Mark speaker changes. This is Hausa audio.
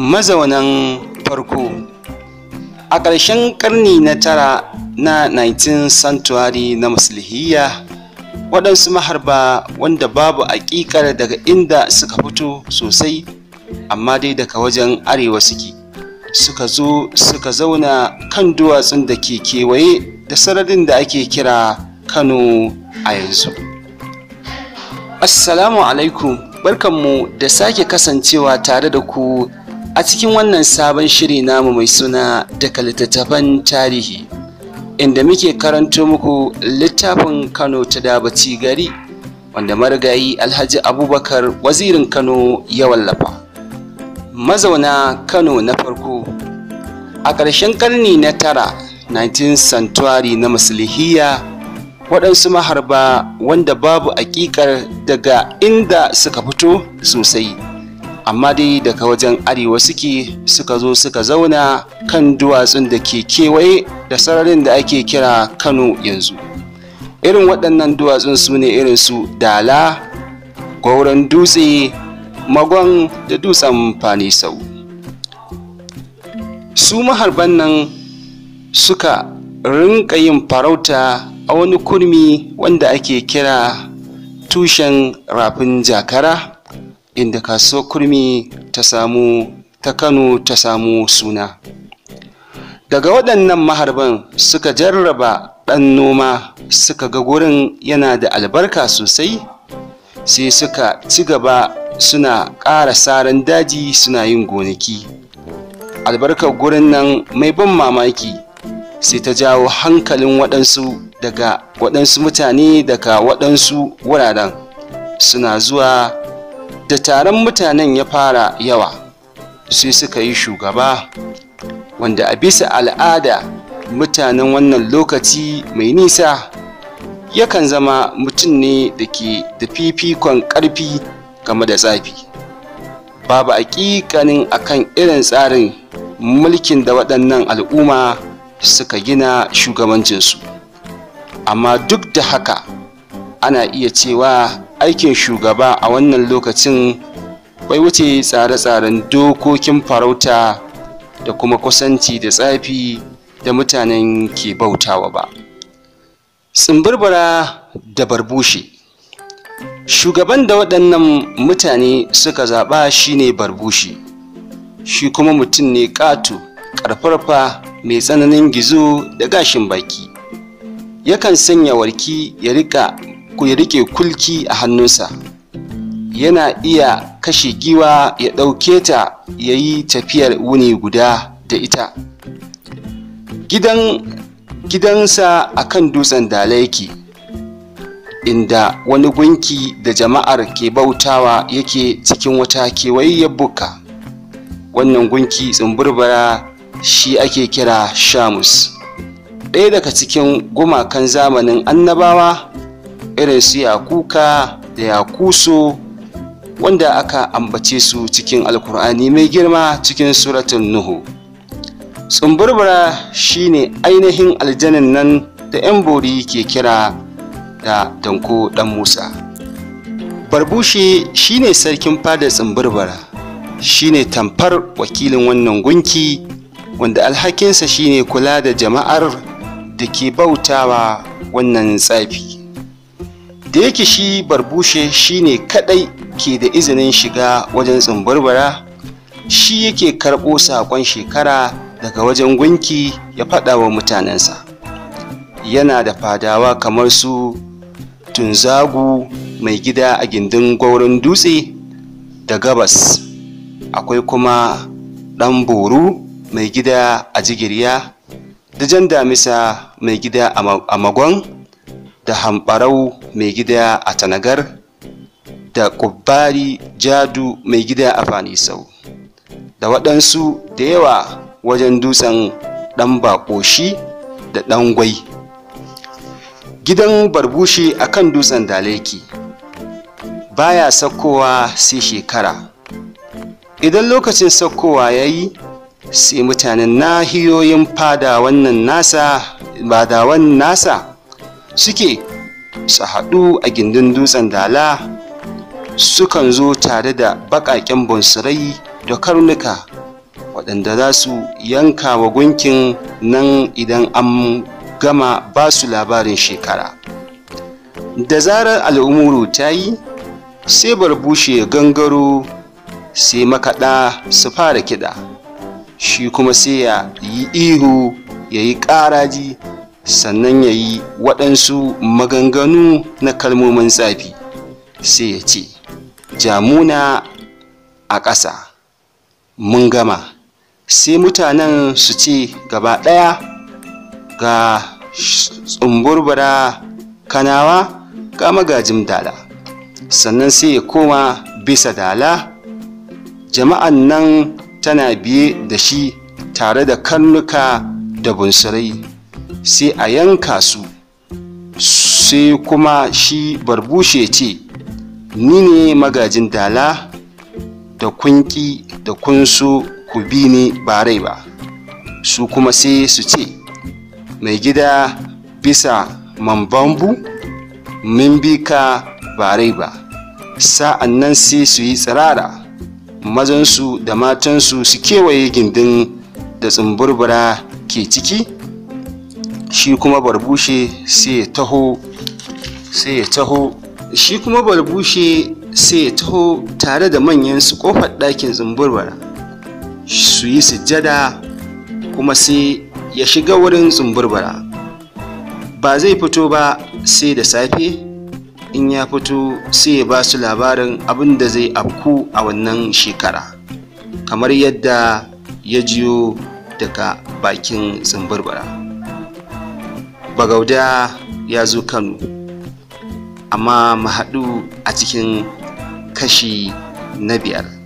Speaker 1: mazaunan farko a ƙarshen ƙarni na tara na 19 century na musulhiya waɗansu maharba wanda babu aƙiƙar daga inda suka fito sosai amma dai daga wajen arewa suke suka zo suka zauna kan duwatsun da ke kewaye da sararin da ake kira kano a yanzu assalamu alaikum barkanmu da sake kasancewa tare da ku A cikin wannan sabon shiri namu mai suna daga littattafan tarihi, inda muke karanto muku littafin Kano ta dabaci gari, wanda marigayi Alhaji Abubakar wazirin Kano ya wallafa. Mazauna Kano na farko A ƙarshen ƙarni na tara, 19 santuari na Musulhiya, waɗansu maharba wanda babu aƙiƙar daga inda suka fito sosai. amma dai daga wajen arewa suke suka zo suka zauna kan duwatsun da ke kewaye da sararin da ake kira kano yanzu irin waɗannan duwatsun su ne irin su dala Gwauran dutse magon da dutsen sau. su maharban nan suka rinka yin farauta a wani kurmi wanda ake kira tushen rafin jakara inda kasuwar kurmi ta samu ta kano ta samu suna daga waɗannan maharban suka jarraba ɗan noma suka ga gurin yana da albarka sosai sai suka ci gaba suna ƙara saran daji suna yin gonaki albarkar gurin nan mai ban mamaki sai ta jawo hankalin waɗansu daga waɗansu mutane daga waɗansu wuraren suna zuwa da taron mutanen ya fara yawa sai suka yi shugaba wanda a bisa al'ada mutanen wannan lokaci mai nisa yakan zama mutum ne da ke da fifikon ƙarfi game da tsafi babu a kan irin tsarin mulkin da waɗannan al'umma suka gina shugabancinsu amma duk da haka ana iya cewa aikin shugaba a wannan lokacin bai wuce tsare-tsaren dokokin farauta da kuma kusanci da tsafi da mutanen ke bautawa ba Tsimbirbara da barbushi shugaban da waɗannan mutane suka zaɓa shine barbushi shi kuma mutum ne ƙato ƙarfarfa mai tsananin gizo da gashin baki yakan sanya warki ya riƙa. ya rike kulki a hannunsa yana iya kashe giwa ya ɗauke ta ya yi tafiyar wuni guda da ita gidansa a kan dutsen dalaiki inda wani gunki da jama'ar ke bautawa yake cikin wata kewayayyar buka wannan gunki tsumburbara shi ake kira shamus ɗaya daga cikin gumakan zamanin annabawa irin su yakuka da yakuso wanda aka ambace su cikin alkur'ani mai girma cikin suratun nuhu tsumburbura shine ainihin aljanin nan da 'yan bori ke kira da danko dan musa barbushe shine sarkin fada tsumburbura shine tamfar wakilin wannan gunki wanda alhakinsa shine kula da jama'ar da ke bautawa wannan tsafi da yake shi barbushe shine kadai ke da izinin shiga wajen tsumbarbara shi yake karɓo saƙon shekara daga wajen gunki ya faɗawa wa mutanensa yana da fadawa kamar su tunzagu mai gida a gindin gwauron dutse da gabas akwai kuma ɗan boru mai gida a jigiriya da jan damisa mai gida a magon da hamɓarau mai gida a tanagar da ƙubbari jadu mai gida a fanisau da waɗansu da yawa wajen dutsen ɗan baƙoshi da ɗan gwai gidan barbushi a kan dutsen daleki baya saukowa sai shekara idan lokacin saukowa ya yi sai mutanen nahiyoyin wannan nasa suke su haɗu a gindin dutsen dala sukan zo tare da baƙaƙen bunsurai da karnuka waɗanda za su yanka wa gunkin nan idan an gama ba su labarin shekara da zarar al'umuru ta yi sai bushe gangaro sai makaɗa su fara kiɗa shi kuma sai ya yi ihu ya yi ƙaraji sannan ya yi waɗansu maganganu na kalmomin tsafi sai ya ce jamuna a ƙasa mun gama sai mutanen su ce gaba ɗaya ga tsumburbura kanawa ga magajin dala sannan sai ya koma bisa dala jama'an nan tana biye da shi tare da karnuka da bunsurai sai a yanka su sai kuma shi barbushe ce ni ne magajin dala da kunki da kunsu ku bi ni ba rai ba su kuma sai su ce mai gida bisa mambambu min bi ka ba rai ba sa'an nan sai su yi tsirara mazansu da matansu su kewaye gindin da tsumburbura ke ciki shi kuma barbushe sai ya taho sai ya taho shi kuma barbushe sai ya taho tare da manyan su kofar ɗakin tsumburbura su yi sujjada kuma sai ya shiga wurin tsumburbura ba zai fito ba sai da safe in ya fito sai ya ba su labarin abin da zai afku a wannan shekara kamar yadda ya jiyo daga bakin bara. bagauda ya zo kano amma mu haɗu a cikin kashi na biyar